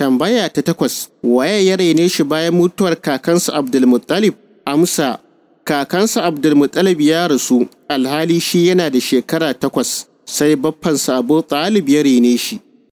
Tambaya ta takwas, waye ya raine shi bayan mutuwar kakansa Abdulmuttalib? Amsa, kakansa Abdulmuttalib ya rasu, alhali shi yana da shekara takwas, sai baffansa Abu Talib ya raine shi.